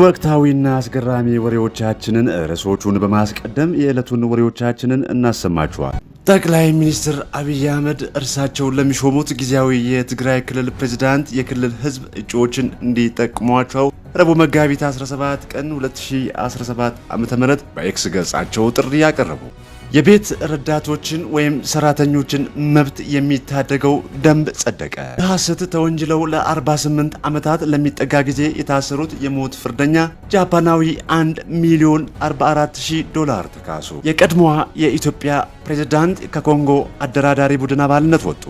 ወቅታዊና አስገራሚ ወሬዎቻችንን ርዕሶቹን በማስቀደም የዕለቱን ወሬዎቻችንን እናሰማችኋል። ጠቅላይ ሚኒስትር አብይ አህመድ እርሳቸውን ለሚሾሙት ጊዜያዊ የትግራይ ክልል ፕሬዝዳንት የክልል ህዝብ እጩዎችን እንዲጠቅሟቸው ረቡዕ መጋቢት 17 ቀን 2017 ዓ.ም በኤክስ ገጻቸው ጥሪ አቀረቡ። የቤት ረዳቶችን ወይም ሰራተኞችን መብት የሚታደገው ደንብ ጸደቀ። በሐሰት ተወንጅለው ለ48 ዓመታት ለሚጠጋ ጊዜ የታሰሩት የሞት ፍርደኛ ጃፓናዊ 1 ሚሊዮን 440 ዶላር ተካሱ። የቀድሞዋ የኢትዮጵያ ፕሬዝዳንት ከኮንጎ አደራዳሪ ቡድን አባልነት ወጡ።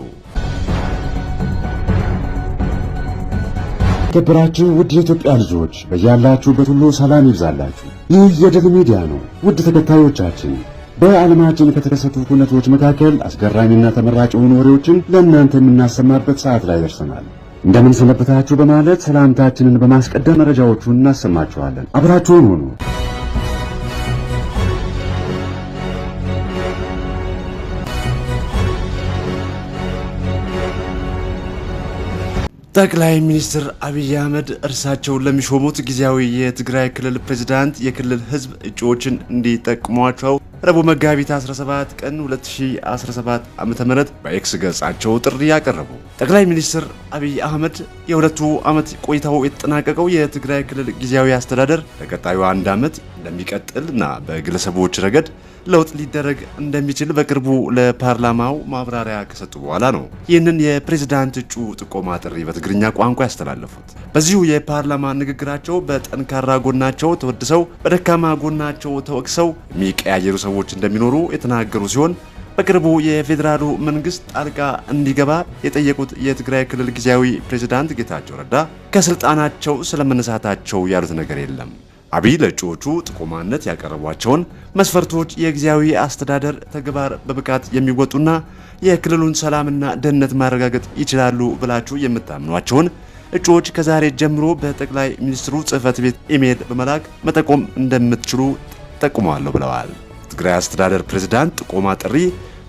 ከበራችሁ ውድ የኢትዮጵያ ልጆች በያላችሁበት ሁሉ ሰላም ይብዛላችሁ። ይህ የድል ሚዲያ ነው። ውድ ተከታዮቻችን በዓለማችን ከተከሰቱ ሁነቶች መካከል አስገራሚና ተመራጭ የሆኑ ወሬዎችን ለእናንተ የምናሰማበት ሰዓት ላይ ደርሰናል። እንደምን ሰነበታችሁ በማለት ሰላምታችንን በማስቀደም መረጃዎቹን እናሰማችኋለን። አብራችሁን ሆኑ። ጠቅላይ ሚኒስትር አብይ አህመድ እርሳቸውን ለሚሾሙት ጊዜያዊ የትግራይ ክልል ፕሬዝዳንት የክልል ህዝብ እጩዎችን እንዲጠቅሟቸው ረቡዕ መጋቢት 17 ቀን 2017 ም በኤክስ ገጻቸው ጥሪ ያቀረቡ ጠቅላይ ሚኒስትር አብይ አህመድ የሁለቱ ዓመት ቆይታው የተጠናቀቀው የትግራይ ክልል ጊዜያዊ አስተዳደር ለቀጣዩ አንድ ዓመት እና በግለሰቦች ረገድ ለውጥ ሊደረግ እንደሚችል በቅርቡ ለፓርላማው ማብራሪያ ከሰጡ በኋላ ነው ይህንን የፕሬዝዳንት እጩ ጥቆማ ጥሪ በትግርኛ ቋንቋ ያስተላለፉት። በዚሁ የፓርላማ ንግግራቸው በጠንካራ ጎናቸው ተወድሰው በደካማ ጎናቸው ተወቅሰው የሚቀያየሩ ሰው ሰዎች እንደሚኖሩ የተናገሩ ሲሆን በቅርቡ የፌዴራሉ መንግስት ጣልቃ እንዲገባ የጠየቁት የትግራይ ክልል ጊዜያዊ ፕሬዝዳንት ጌታቸው ረዳ ከስልጣናቸው ስለመነሳታቸው ያሉት ነገር የለም። አብይ ለእጩዎቹ ጥቆማነት ያቀረቧቸውን መስፈርቶች የጊዜያዊ አስተዳደር ተግባር በብቃት የሚወጡና የክልሉን ሰላምና ደህንነት ማረጋገጥ ይችላሉ ብላችሁ የምታምኗቸውን እጩዎች ከዛሬ ጀምሮ በጠቅላይ ሚኒስትሩ ጽህፈት ቤት ኢሜይል በመላክ መጠቆም እንደምትችሉ ጠቁመዋለሁ ብለዋል። የትግራይ አስተዳደር ፕሬዝዳንት ጥቆማ ጥሪ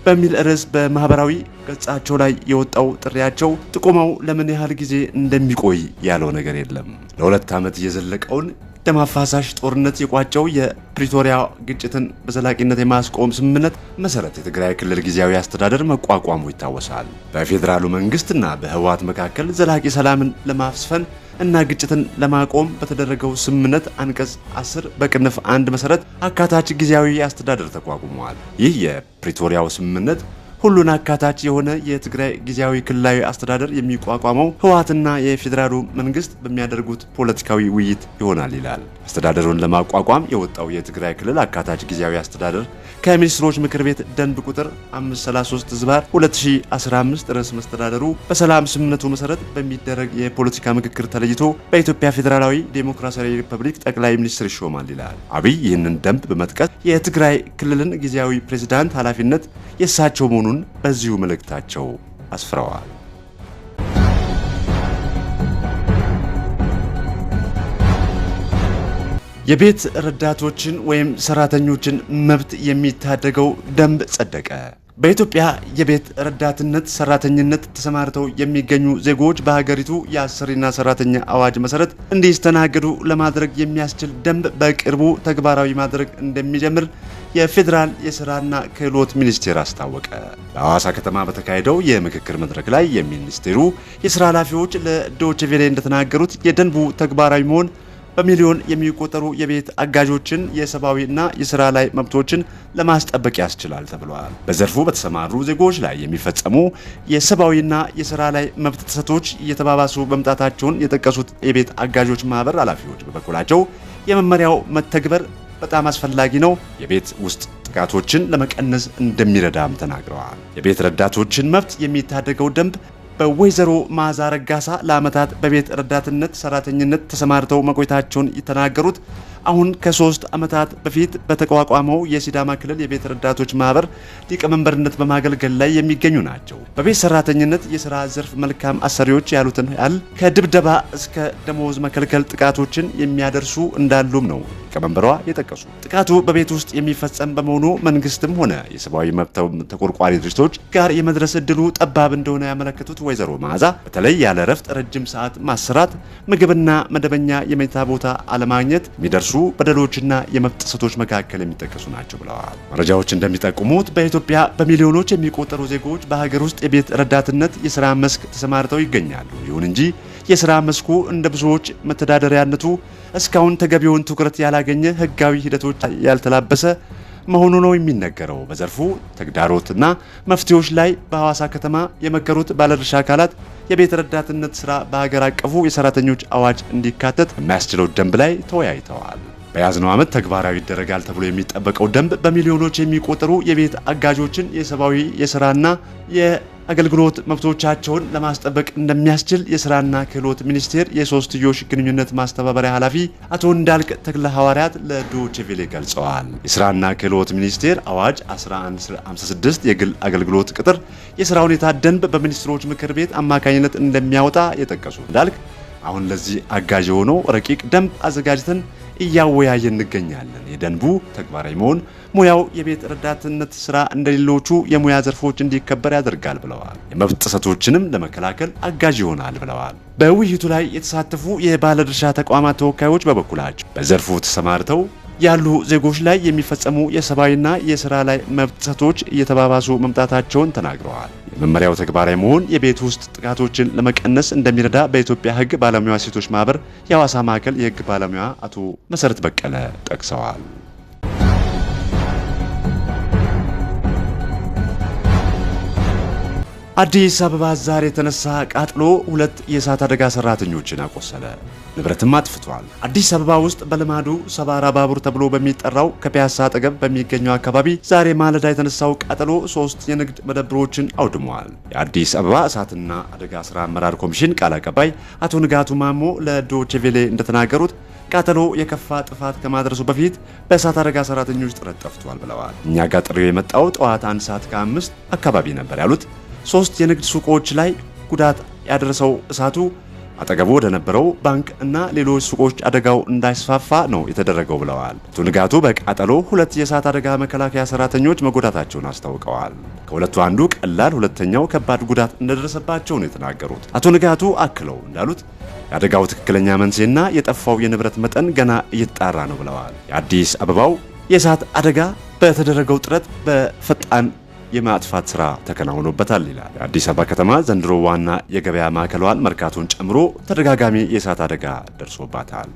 በሚል ርዕስ በማህበራዊ ገጻቸው ላይ የወጣው ጥሪያቸው ጥቆማው ለምን ያህል ጊዜ እንደሚቆይ ያለው ነገር የለም። ለሁለት ዓመት የዘለቀውን ደም አፋሳሽ ጦርነት የቋጨው የፕሪቶሪያ ግጭትን በዘላቂነት የማስቆም ስምምነት መሰረት የትግራይ ክልል ጊዜያዊ አስተዳደር መቋቋሙ ይታወሳል። በፌዴራሉ መንግስትና በህወሓት መካከል ዘላቂ ሰላምን ለማስፈን እና ግጭትን ለማቆም በተደረገው ስምምነት አንቀጽ 10 በቅንፍ አንድ መሰረት አካታች ጊዜያዊ አስተዳደር ተቋቁመዋል። ይህ የፕሪቶሪያው ስምምነት ሁሉን አካታች የሆነ የትግራይ ጊዜያዊ ክልላዊ አስተዳደር የሚቋቋመው ህወሓትና የፌዴራሉ መንግስት በሚያደርጉት ፖለቲካዊ ውይይት ይሆናል ይላል። አስተዳደሩን ለማቋቋም የወጣው የትግራይ ክልል አካታች ጊዜያዊ አስተዳደር ከሚኒስትሮች ምክር ቤት ደንብ ቁጥር 533 ዝባር 2015 ርዕስ መስተዳደሩ በሰላም ስምምነቱ መሰረት በሚደረግ የፖለቲካ ምክክር ተለይቶ በኢትዮጵያ ፌዴራላዊ ዴሞክራሲያዊ ሪፐብሊክ ጠቅላይ ሚኒስትር ይሾማል ይላል። አብይ ይህንን ደንብ በመጥቀስ የትግራይ ክልልን ጊዜያዊ ፕሬዚዳንት ኃላፊነት የእሳቸው መሆኑ መሆኑን በዚሁ መልእክታቸው አስፍረዋል። የቤት ረዳቶችን ወይም ሰራተኞችን መብት የሚታደገው ደንብ ጸደቀ። በኢትዮጵያ የቤት ረዳትነት ሰራተኝነት ተሰማርተው የሚገኙ ዜጎች በሀገሪቱ የአሰሪና ሰራተኛ አዋጅ መሰረት እንዲስተናገዱ ለማድረግ የሚያስችል ደንብ በቅርቡ ተግባራዊ ማድረግ እንደሚጀምር የፌዴራል የስራና ክህሎት ሚኒስቴር አስታወቀ። በሐዋሳ ከተማ በተካሄደው የምክክር መድረክ ላይ የሚኒስቴሩ የስራ ኃላፊዎች ለዶችቬሌ እንደተናገሩት የደንቡ ተግባራዊ መሆን በሚሊዮን የሚቆጠሩ የቤት አጋዦችን የሰብአዊና የስራ ላይ መብቶችን ለማስጠበቅ ያስችላል ተብሏል። በዘርፉ በተሰማሩ ዜጎች ላይ የሚፈጸሙ የሰብአዊና የስራ ላይ መብት ጥሰቶች እየተባባሱ መምጣታቸውን የጠቀሱት የቤት አጋዦች ማህበር ኃላፊዎች በበኩላቸው የመመሪያው መተግበር በጣም አስፈላጊ ነው። የቤት ውስጥ ጥቃቶችን ለመቀነስ እንደሚረዳም ተናግረዋል። የቤት ረዳቶችን መብት የሚታደገው ደንብ በወይዘሮ ማዛ ረጋሳ ለአመታት በቤት ረዳትነት ሰራተኝነት ተሰማርተው መቆየታቸውን የተናገሩት አሁን ከሶስት ዓመታት በፊት በተቋቋመው የሲዳማ ክልል የቤት ረዳቶች ማህበር ሊቀመንበርነት በማገልገል ላይ የሚገኙ ናቸው። በቤት ሰራተኝነት የስራ ዘርፍ መልካም አሰሪዎች ያሉትን ያህል ከድብደባ እስከ ደመወዝ መከልከል ጥቃቶችን የሚያደርሱ እንዳሉም ነው ሊቀመንበሯ የጠቀሱ። ጥቃቱ በቤት ውስጥ የሚፈጸም በመሆኑ መንግስትም ሆነ የሰብአዊ መብት ተቆርቋሪ ድርጅቶች ጋር የመድረስ እድሉ ጠባብ እንደሆነ ያመለከቱት ወይዘሮ መዓዛ በተለይ ያለ እረፍት ረጅም ሰዓት ማሰራት፣ ምግብና መደበኛ የመኝታ ቦታ አለማግኘት የሚደርሱ በደሎችና የመብት ጥሰቶች መካከል የሚጠቀሱ ናቸው ብለዋል። መረጃዎች እንደሚጠቁሙት በኢትዮጵያ በሚሊዮኖች የሚቆጠሩ ዜጎች በሀገር ውስጥ የቤት ረዳትነት የስራ መስክ ተሰማርተው ይገኛሉ። ይሁን እንጂ የስራ መስኩ እንደ ብዙዎች መተዳደሪያነቱ እስካሁን ተገቢውን ትኩረት ያላገኘ፣ ህጋዊ ሂደቶች ያልተላበሰ መሆኑ ነው የሚነገረው። በዘርፉ ተግዳሮትና መፍትሄዎች ላይ በሐዋሳ ከተማ የመከሩት ባለድርሻ አካላት የቤት ረዳትነት ስራ በሀገር አቀፉ የሰራተኞች አዋጅ እንዲካተት በሚያስችለው ደንብ ላይ ተወያይተዋል። በያዝነው ዓመት ተግባራዊ ይደረጋል ተብሎ የሚጠበቀው ደንብ በሚሊዮኖች የሚቆጠሩ የቤት አጋዦችን የሰብአዊ የስራና የአገልግሎት መብቶቻቸውን ለማስጠበቅ እንደሚያስችል የስራና ክህሎት ሚኒስቴር የሶስትዮሽ ግንኙነት ማስተባበሪያ ኃላፊ አቶ እንዳልቅ ተክለ ሐዋርያት ለዶችቬሌ ገልጸዋል። የስራና ክህሎት ሚኒስቴር አዋጅ 1156 የግል አገልግሎት ቅጥር የስራ ሁኔታ ደንብ በሚኒስትሮች ምክር ቤት አማካኝነት እንደሚያወጣ የጠቀሱ እንዳልክ አሁን ለዚህ አጋዥ የሆነው ረቂቅ ደንብ አዘጋጅተን እያወያየ እንገኛለን። የደንቡ ተግባራዊ መሆን ሙያው የቤት ረዳትነት ስራ እንደሌሎቹ የሙያ ዘርፎች እንዲከበር ያደርጋል ብለዋል። የመብት ጥሰቶችንም ለመከላከል አጋዥ ይሆናል ብለዋል። በውይይቱ ላይ የተሳተፉ የባለድርሻ ተቋማት ተወካዮች በበኩላቸው በዘርፉ ተሰማርተው ያሉ ዜጎች ላይ የሚፈጸሙ የሰብአዊና የስራ ላይ መብት ጥሰቶች እየተባባሱ መምጣታቸውን ተናግረዋል። የመመሪያው ተግባራዊ መሆን የቤት ውስጥ ጥቃቶችን ለመቀነስ እንደሚረዳ በኢትዮጵያ ሕግ ባለሙያ ሴቶች ማህበር የሐዋሳ ማዕከል የሕግ ባለሙያ አቶ መሰረት በቀለ ጠቅሰዋል። አዲስ አበባ ዛሬ የተነሳ ቃጥሎ ሁለት የእሳት አደጋ ሰራተኞችን አቆሰለ፣ ንብረትም አጥፍቷል። አዲስ አበባ ውስጥ በልማዱ ሰባራ ባቡር ተብሎ በሚጠራው ከፒያሳ አጠገብ በሚገኘው አካባቢ ዛሬ ማለዳ የተነሳው ቃጠሎ ሶስት የንግድ መደብሮችን አውድመዋል። የአዲስ አበባ እሳትና አደጋ ስራ አመራር ኮሚሽን ቃል አቀባይ አቶ ንጋቱ ማሞ ለዶቼቬሌ እንደተናገሩት ቃጠሎ የከፋ ጥፋት ከማድረሱ በፊት በእሳት አደጋ ሰራተኞች ጥረት ጠፍቷል ብለዋል። እኛ ጋር ጥሪው የመጣው ጠዋት አንድ ሰዓት ከአምስት አካባቢ ነበር ያሉት ሶስት የንግድ ሱቆች ላይ ጉዳት ያደረሰው እሳቱ አጠገቡ ወደ ነበረው ባንክ እና ሌሎች ሱቆች አደጋው እንዳይስፋፋ ነው የተደረገው ብለዋል። አቶ ንጋቱ በቃጠሎ ሁለት የእሳት አደጋ መከላከያ ሰራተኞች መጎዳታቸውን አስታውቀዋል። ከሁለቱ አንዱ ቀላል፣ ሁለተኛው ከባድ ጉዳት እንደደረሰባቸው ነው የተናገሩት። አቶ ንጋቱ አክለው እንዳሉት የአደጋው ትክክለኛ መንስኤና የጠፋው የንብረት መጠን ገና እየተጣራ ነው ብለዋል። የአዲስ አበባው የእሳት አደጋ በተደረገው ጥረት በፈጣን የማጥፋት ስራ ተከናውኖበታል ይላል። የአዲስ አበባ ከተማ ዘንድሮ ዋና የገበያ ማዕከሏን መርካቶን ጨምሮ ተደጋጋሚ የእሳት አደጋ ደርሶባታል።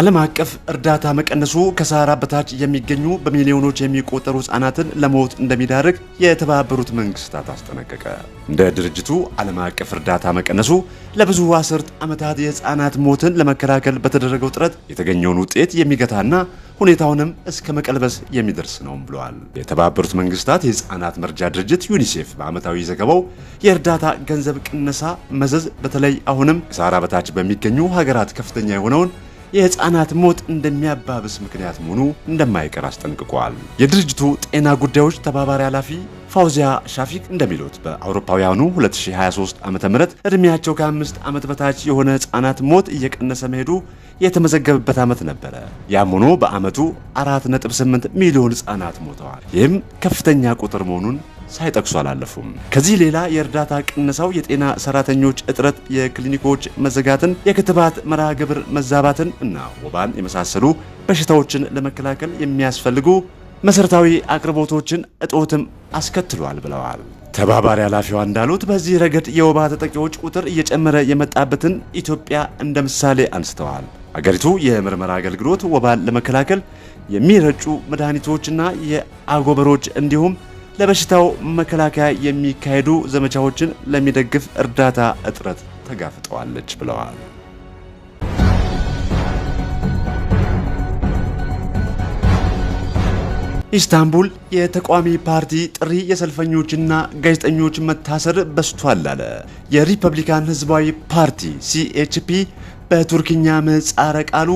ዓለም አቀፍ እርዳታ መቀነሱ ከሰሃራ በታች የሚገኙ በሚሊዮኖች የሚቆጠሩ ህጻናትን ለሞት እንደሚዳርግ የተባበሩት መንግስታት አስጠነቀቀ። እንደ ድርጅቱ ዓለም አቀፍ እርዳታ መቀነሱ ለብዙ አስርት ዓመታት የህፃናት ሞትን ለመከላከል በተደረገው ጥረት የተገኘውን ውጤት የሚገታና ሁኔታውንም እስከ መቀልበስ የሚደርስ ነውም ብለዋል። የተባበሩት መንግስታት የህፃናት መርጃ ድርጅት ዩኒሴፍ በዓመታዊ ዘገባው የእርዳታ ገንዘብ ቅነሳ መዘዝ በተለይ አሁንም ከሰሃራ በታች በሚገኙ ሀገራት ከፍተኛ የሆነውን የህፃናት ሞት እንደሚያባብስ ምክንያት መሆኑ እንደማይቀር አስጠንቅቋል። የድርጅቱ ጤና ጉዳዮች ተባባሪ ኃላፊ ፋውዚያ ሻፊክ እንደሚሉት በአውሮፓውያኑ 2023 ዓ ም ዕድሜያቸው ከአምስት ዓመት በታች የሆነ ህፃናት ሞት እየቀነሰ መሄዱ የተመዘገበበት ዓመት ነበረ። ያም ሆኖ በዓመቱ 4.8 ሚሊዮን ህፃናት ሞተዋል። ይህም ከፍተኛ ቁጥር መሆኑን ሳይጠቅሱ አላለፉም። ከዚህ ሌላ የእርዳታ ቅነሳው የጤና ሰራተኞች እጥረት፣ የክሊኒኮች መዘጋትን፣ የክትባት መርሃ ግብር መዛባትን እና ወባን የመሳሰሉ በሽታዎችን ለመከላከል የሚያስፈልጉ መሰረታዊ አቅርቦቶችን እጦትም አስከትሏል ብለዋል። ተባባሪ ኃላፊዋ እንዳሉት በዚህ ረገድ የወባ ተጠቂዎች ቁጥር እየጨመረ የመጣበትን ኢትዮጵያ እንደ ምሳሌ አንስተዋል። አገሪቱ የምርመራ አገልግሎት፣ ወባን ለመከላከል የሚረጩ መድኃኒቶችና የአጎበሮች እንዲሁም ለበሽታው መከላከያ የሚካሄዱ ዘመቻዎችን ለሚደግፍ እርዳታ እጥረት ተጋፍጠዋለች ብለዋል። ኢስታንቡል የተቃዋሚ ፓርቲ ጥሪ የሰልፈኞችና ጋዜጠኞች መታሰር በስቷል አለ። የሪፐብሊካን ህዝባዊ ፓርቲ ሲኤችፒ በቱርክኛ ምህጻረ ቃሉ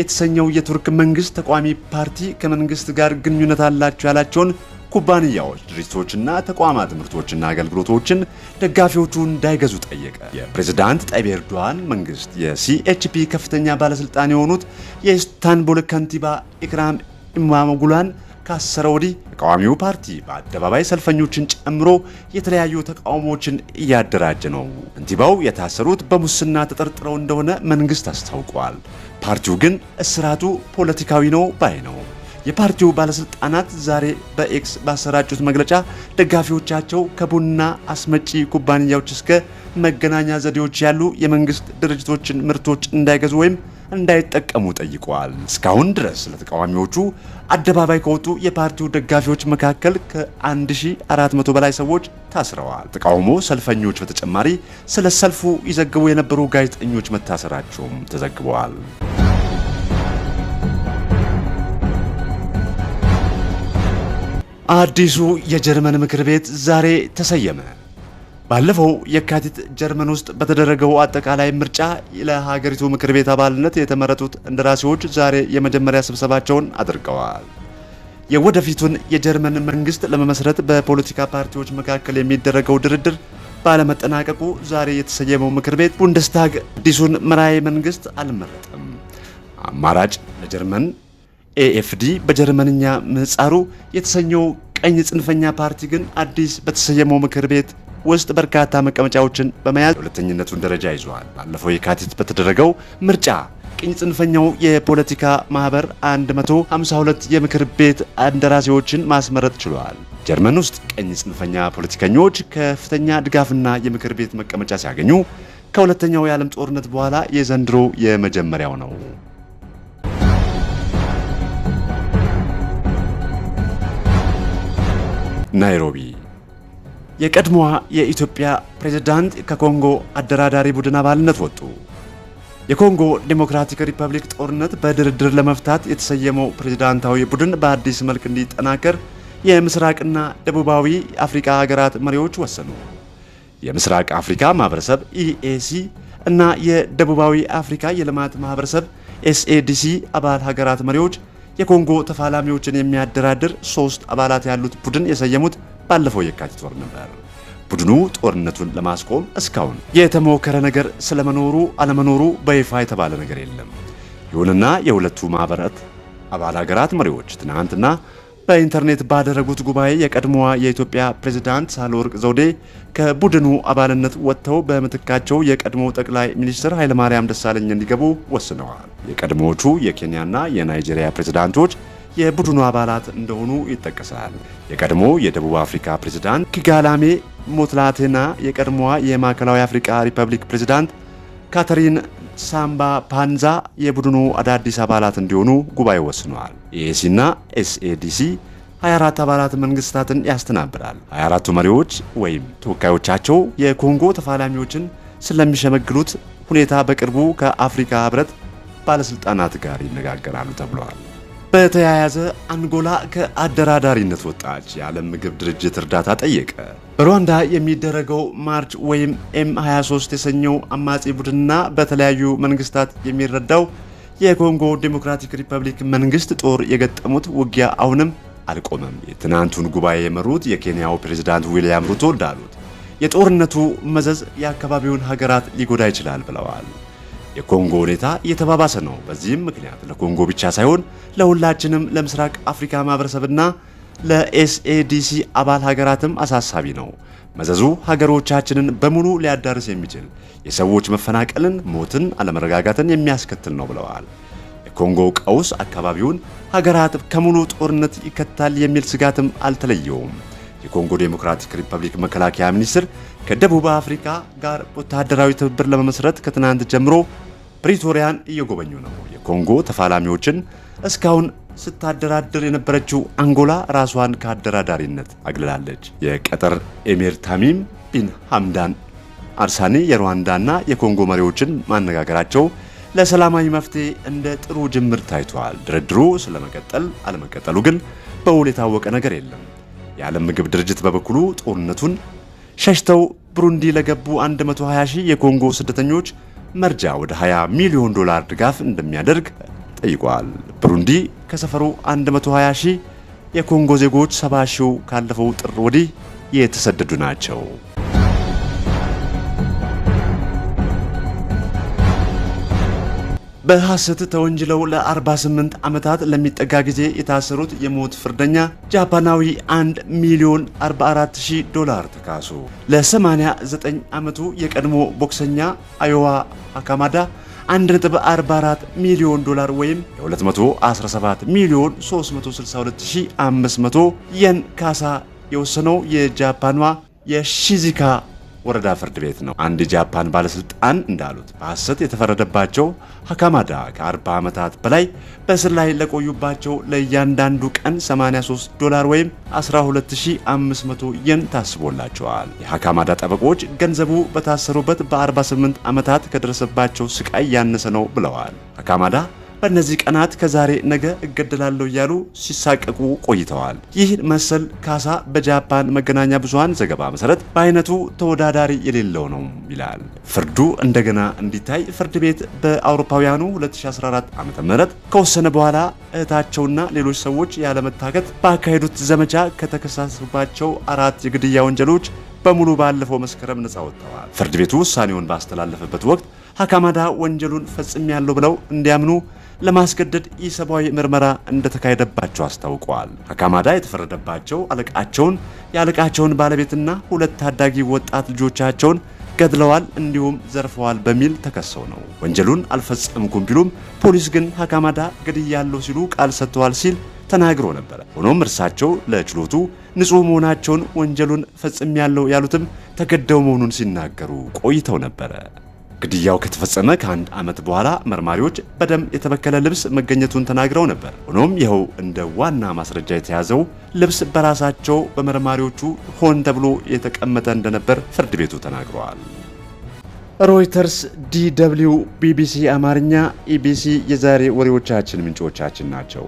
የተሰኘው የቱርክ መንግስት ተቃዋሚ ፓርቲ ከመንግስት ጋር ግንኙነት አላቸው ያላቸውን ኩባንያዎች፣ ድርጅቶችና ተቋማት ምርቶችና አገልግሎቶችን ደጋፊዎቹ እንዳይገዙ ጠየቀ። የፕሬዝዳንት ጣይብ ኤርዶዋን መንግስት የሲኤችፒ ከፍተኛ ባለስልጣን የሆኑት የኢስታንቡል ከንቲባ ኢክራም ኢማሞጉላን ካሰረ ወዲህ ተቃዋሚው ፓርቲ በአደባባይ ሰልፈኞችን ጨምሮ የተለያዩ ተቃውሞዎችን እያደራጀ ነው። ከንቲባው የታሰሩት በሙስና ተጠርጥረው እንደሆነ መንግስት አስታውቋል። ፓርቲው ግን እስራቱ ፖለቲካዊ ነው ባይ ነው። የፓርቲው ባለስልጣናት ዛሬ በኤክስ ባሰራጩት መግለጫ ደጋፊዎቻቸው ከቡና አስመጪ ኩባንያዎች እስከ መገናኛ ዘዴዎች ያሉ የመንግስት ድርጅቶችን ምርቶች እንዳይገዙ ወይም እንዳይጠቀሙ ጠይቀዋል። እስካሁን ድረስ ለተቃዋሚዎቹ አደባባይ ከወጡ የፓርቲው ደጋፊዎች መካከል ከ1400 በላይ ሰዎች ታስረዋል። ተቃውሞ ሰልፈኞች በተጨማሪ ስለ ሰልፉ ይዘግቡ የነበሩ ጋዜጠኞች መታሰራቸውም ተዘግበዋል። አዲሱ የጀርመን ምክር ቤት ዛሬ ተሰየመ። ባለፈው የካቲት ጀርመን ውስጥ በተደረገው አጠቃላይ ምርጫ ለሀገሪቱ ምክር ቤት አባልነት የተመረጡት እንደራሴዎች ዛሬ የመጀመሪያ ስብሰባቸውን አድርገዋል። የወደፊቱን የጀርመን መንግስት ለመመስረት በፖለቲካ ፓርቲዎች መካከል የሚደረገው ድርድር ባለመጠናቀቁ ዛሬ የተሰየመው ምክር ቤት ቡንደስታግ አዲሱን መራሄ መንግስት አልመረጠም። አማራጭ ለጀርመን ኤኤፍዲ በጀርመንኛ ምህጻሩ የተሰኘው ቀኝ ጽንፈኛ ፓርቲ ግን አዲስ በተሰየመው ምክር ቤት ውስጥ በርካታ መቀመጫዎችን በመያዝ የሁለተኝነቱን ደረጃ ይዟል። ባለፈው የካቲት በተደረገው ምርጫ ቀኝ ጽንፈኛው የፖለቲካ ማህበር 152 የምክር ቤት እንደራሴዎችን ማስመረጥ ችሏል። ጀርመን ውስጥ ቀኝ ጽንፈኛ ፖለቲከኞች ከፍተኛ ድጋፍና የምክር ቤት መቀመጫ ሲያገኙ ከሁለተኛው የዓለም ጦርነት በኋላ የዘንድሮ የመጀመሪያው ነው። ናይሮቢ የቀድሞዋ የኢትዮጵያ ፕሬዝዳንት ከኮንጎ አደራዳሪ ቡድን አባልነት ወጡ። የኮንጎ ዴሞክራቲክ ሪፐብሊክ ጦርነት በድርድር ለመፍታት የተሰየመው ፕሬዝዳንታዊ ቡድን በአዲስ መልክ እንዲጠናከር የምስራቅና ደቡባዊ አፍሪካ ሀገራት መሪዎች ወሰኑ። የምስራቅ አፍሪካ ማህበረሰብ ኢኤሲ e እና የደቡባዊ አፍሪካ የልማት ማህበረሰብ ኤስኤዲሲ አባል ሀገራት መሪዎች የኮንጎ ተፋላሚዎችን የሚያደራድር ሶስት አባላት ያሉት ቡድን የሰየሙት ባለፈው የካቲት ወር ነበር። ቡድኑ ጦርነቱን ለማስቆም እስካሁን የተሞከረ ነገር ስለመኖሩ አለመኖሩ በይፋ የተባለ ነገር የለም። ይሁንና የሁለቱ ማኅበራት አባል ሀገራት መሪዎች ትናንትና በኢንተርኔት ባደረጉት ጉባኤ የቀድሞዋ የኢትዮጵያ ፕሬዝዳንት ሳህለወርቅ ዘውዴ ከቡድኑ አባልነት ወጥተው በምትካቸው የቀድሞ ጠቅላይ ሚኒስትር ኃይለማርያም ደሳለኝ እንዲገቡ ወስነዋል። የቀድሞዎቹ የኬንያና የናይጄሪያ ፕሬዝዳንቶች የቡድኑ አባላት እንደሆኑ ይጠቀሳል። የቀድሞ የደቡብ አፍሪካ ፕሬዝዳንት ኪጋላሜ ሞትላቴና የቀድሞዋ የማዕከላዊ አፍሪካ ሪፐብሊክ ፕሬዝዳንት ካተሪን ሳምባ ፓንዛ የቡድኑ አዳዲስ አባላት እንዲሆኑ ጉባኤ ወስነዋል። ኤኤሲና ኤስኤዲሲ 24 አባላት መንግስታትን ያስተናብራል። 24ቱ መሪዎች ወይም ተወካዮቻቸው የኮንጎ ተፋላሚዎችን ስለሚሸመግሉት ሁኔታ በቅርቡ ከአፍሪካ ህብረት ባለሥልጣናት ጋር ይነጋገራሉ ተብሏል። በተያያዘ አንጎላ ከአደራዳሪነት ወጣች። የዓለም ምግብ ድርጅት እርዳታ ጠየቀ። በሩዋንዳ የሚደረገው ማርች ወይም ኤም 23 የሰኘው አማጺ ቡድንና በተለያዩ መንግስታት የሚረዳው የኮንጎ ዴሞክራቲክ ሪፐብሊክ መንግስት ጦር የገጠሙት ውጊያ አሁንም አልቆመም። የትናንቱን ጉባኤ የመሩት የኬንያው ፕሬዝዳንት ዊልያም ሩቶ እንዳሉት የጦርነቱ መዘዝ የአካባቢውን ሀገራት ሊጎዳ ይችላል ብለዋል። የኮንጎ ሁኔታ እየተባባሰ ነው። በዚህም ምክንያት ለኮንጎ ብቻ ሳይሆን ለሁላችንም፣ ለምስራቅ አፍሪካ ማህበረሰብና ለኤስኤዲሲ አባል ሀገራትም አሳሳቢ ነው። መዘዙ ሀገሮቻችንን በሙሉ ሊያዳርስ የሚችል የሰዎች መፈናቀልን፣ ሞትን፣ አለመረጋጋትን የሚያስከትል ነው ብለዋል። የኮንጎ ቀውስ አካባቢውን ሀገራት ከሙሉ ጦርነት ይከታል የሚል ስጋትም አልተለየውም። የኮንጎ ዴሞክራቲክ ሪፐብሊክ መከላከያ ሚኒስትር ከደቡብ አፍሪካ ጋር ወታደራዊ ትብብር ለመመስረት ከትናንት ጀምሮ ፕሪቶሪያን እየጎበኙ ነው። የኮንጎ ተፋላሚዎችን እስካሁን ስታደራድር የነበረችው አንጎላ ራሷን ከአደራዳሪነት አግልላለች። የቀጠር ኤሜር ታሚም ቢን ሐምዳን አርሳኒ የሩዋንዳና የኮንጎ መሪዎችን ማነጋገራቸው ለሰላማዊ መፍትሄ እንደ ጥሩ ጅምር ታይቷል። ድርድሩ ስለመቀጠል አለመቀጠሉ ግን በውል የታወቀ ነገር የለም። የዓለም ምግብ ድርጅት በበኩሉ ጦርነቱን ሸሽተው ብሩንዲ ለገቡ 120 ሺህ የኮንጎ ስደተኞች መርጃ ወደ 20 ሚሊዮን ዶላር ድጋፍ እንደሚያደርግ ጠይቋል። ብሩንዲ ከሰፈሩ 120 ሺህ፣ የኮንጎ ዜጎች 70 ሺው ካለፈው ጥር ወዲህ የተሰደዱ ናቸው። በሐሰት ተወንጅለው ለ48 ዓመታት ለሚጠጋ ጊዜ የታሰሩት የሞት ፍርደኛ ጃፓናዊ 1 ሚሊዮን 440 ዶላር ተካሱ። ለ89 ዓመቱ የቀድሞ ቦክሰኛ አዮዋ አካማዳ 1.44 ሚሊዮን ዶላር ወይም 217 ሚሊዮን 362500 የን ካሳ የወሰነው የጃፓኗ የሺዚካ ወረዳ ፍርድ ቤት ነው። አንድ ጃፓን ባለስልጣን እንዳሉት በሐሰት የተፈረደባቸው ሀካማዳ ከ40 ዓመታት በላይ በእስር ላይ ለቆዩባቸው ለእያንዳንዱ ቀን 83 ዶላር ወይም 12500 የን ታስቦላቸዋል። የሀካማዳ ጠበቆች ገንዘቡ በታሰሩበት በ48 ዓመታት ከደረሰባቸው ስቃይ ያነሰ ነው ብለዋል። ሀካማዳ በእነዚህ ቀናት ከዛሬ ነገ እገደላለሁ እያሉ ሲሳቀቁ ቆይተዋል። ይህ መሰል ካሳ በጃፓን መገናኛ ብዙሃን ዘገባ መሰረት በአይነቱ ተወዳዳሪ የሌለው ነው ይላል። ፍርዱ እንደገና እንዲታይ ፍርድ ቤት በአውሮፓውያኑ 2014 ዓ ም ከወሰነ በኋላ እህታቸውና ሌሎች ሰዎች ያለመታከት ባካሄዱት ዘመቻ ከተከሳሰባቸው አራት የግድያ ወንጀሎች በሙሉ ባለፈው መስከረም ነጻ ወጥተዋል። ፍርድ ቤቱ ውሳኔውን ባስተላለፈበት ወቅት ሀካማዳ ወንጀሉን ፈጽሜያለሁ ብለው እንዲያምኑ ለማስገደድ የሰብአዊ ምርመራ እንደተካሄደባቸው አስታውቀዋል። ሀካማዳ የተፈረደባቸው አለቃቸውን፣ የአለቃቸውን ባለቤትና ሁለት ታዳጊ ወጣት ልጆቻቸውን ገድለዋል እንዲሁም ዘርፈዋል በሚል ተከሰው ነው። ወንጀሉን አልፈጸምኩም ቢሉም ፖሊስ ግን ሀካማዳ ገድያለሁ ሲሉ ቃል ሰጥተዋል ሲል ተናግሮ ነበር። ሆኖም እርሳቸው ለችሎቱ ንጹህ መሆናቸውን ወንጀሉን ፈጽሜያለሁ ያሉትም ተገደው መሆኑን ሲናገሩ ቆይተው ነበረ። ግድያው ከተፈጸመ ከአንድ ዓመት በኋላ መርማሪዎች በደም የተበከለ ልብስ መገኘቱን ተናግረው ነበር። ሆኖም ይኸው እንደ ዋና ማስረጃ የተያዘው ልብስ በራሳቸው በመርማሪዎቹ ሆን ተብሎ የተቀመጠ እንደነበር ፍርድ ቤቱ ተናግረዋል። ሮይተርስ፣ ዲ ደብልዩ፣ ቢቢሲ አማርኛ፣ ኢቢሲ የዛሬ ወሬዎቻችን ምንጮቻችን ናቸው።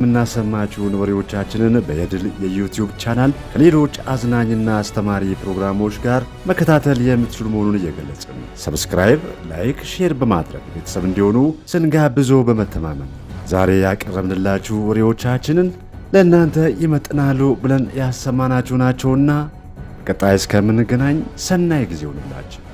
የምናሰማችሁ ወሬዎቻችንን በየድል የዩቲዩብ ቻናል ከሌሎች አዝናኝና አስተማሪ ፕሮግራሞች ጋር መከታተል የምትችሉ መሆኑን እየገለጽን ሰብስክራይብ፣ ላይክ፣ ሼር በማድረግ ቤተሰብ እንዲሆኑ ስንጋብዞ በመተማመን ዛሬ ያቀረብንላችሁ ወሬዎቻችንን ለእናንተ ይመጥናሉ ብለን ያሰማናችሁ ናቸውና ቀጣይ እስከምንገናኝ ሰናይ ጊዜ ሆንላችሁ።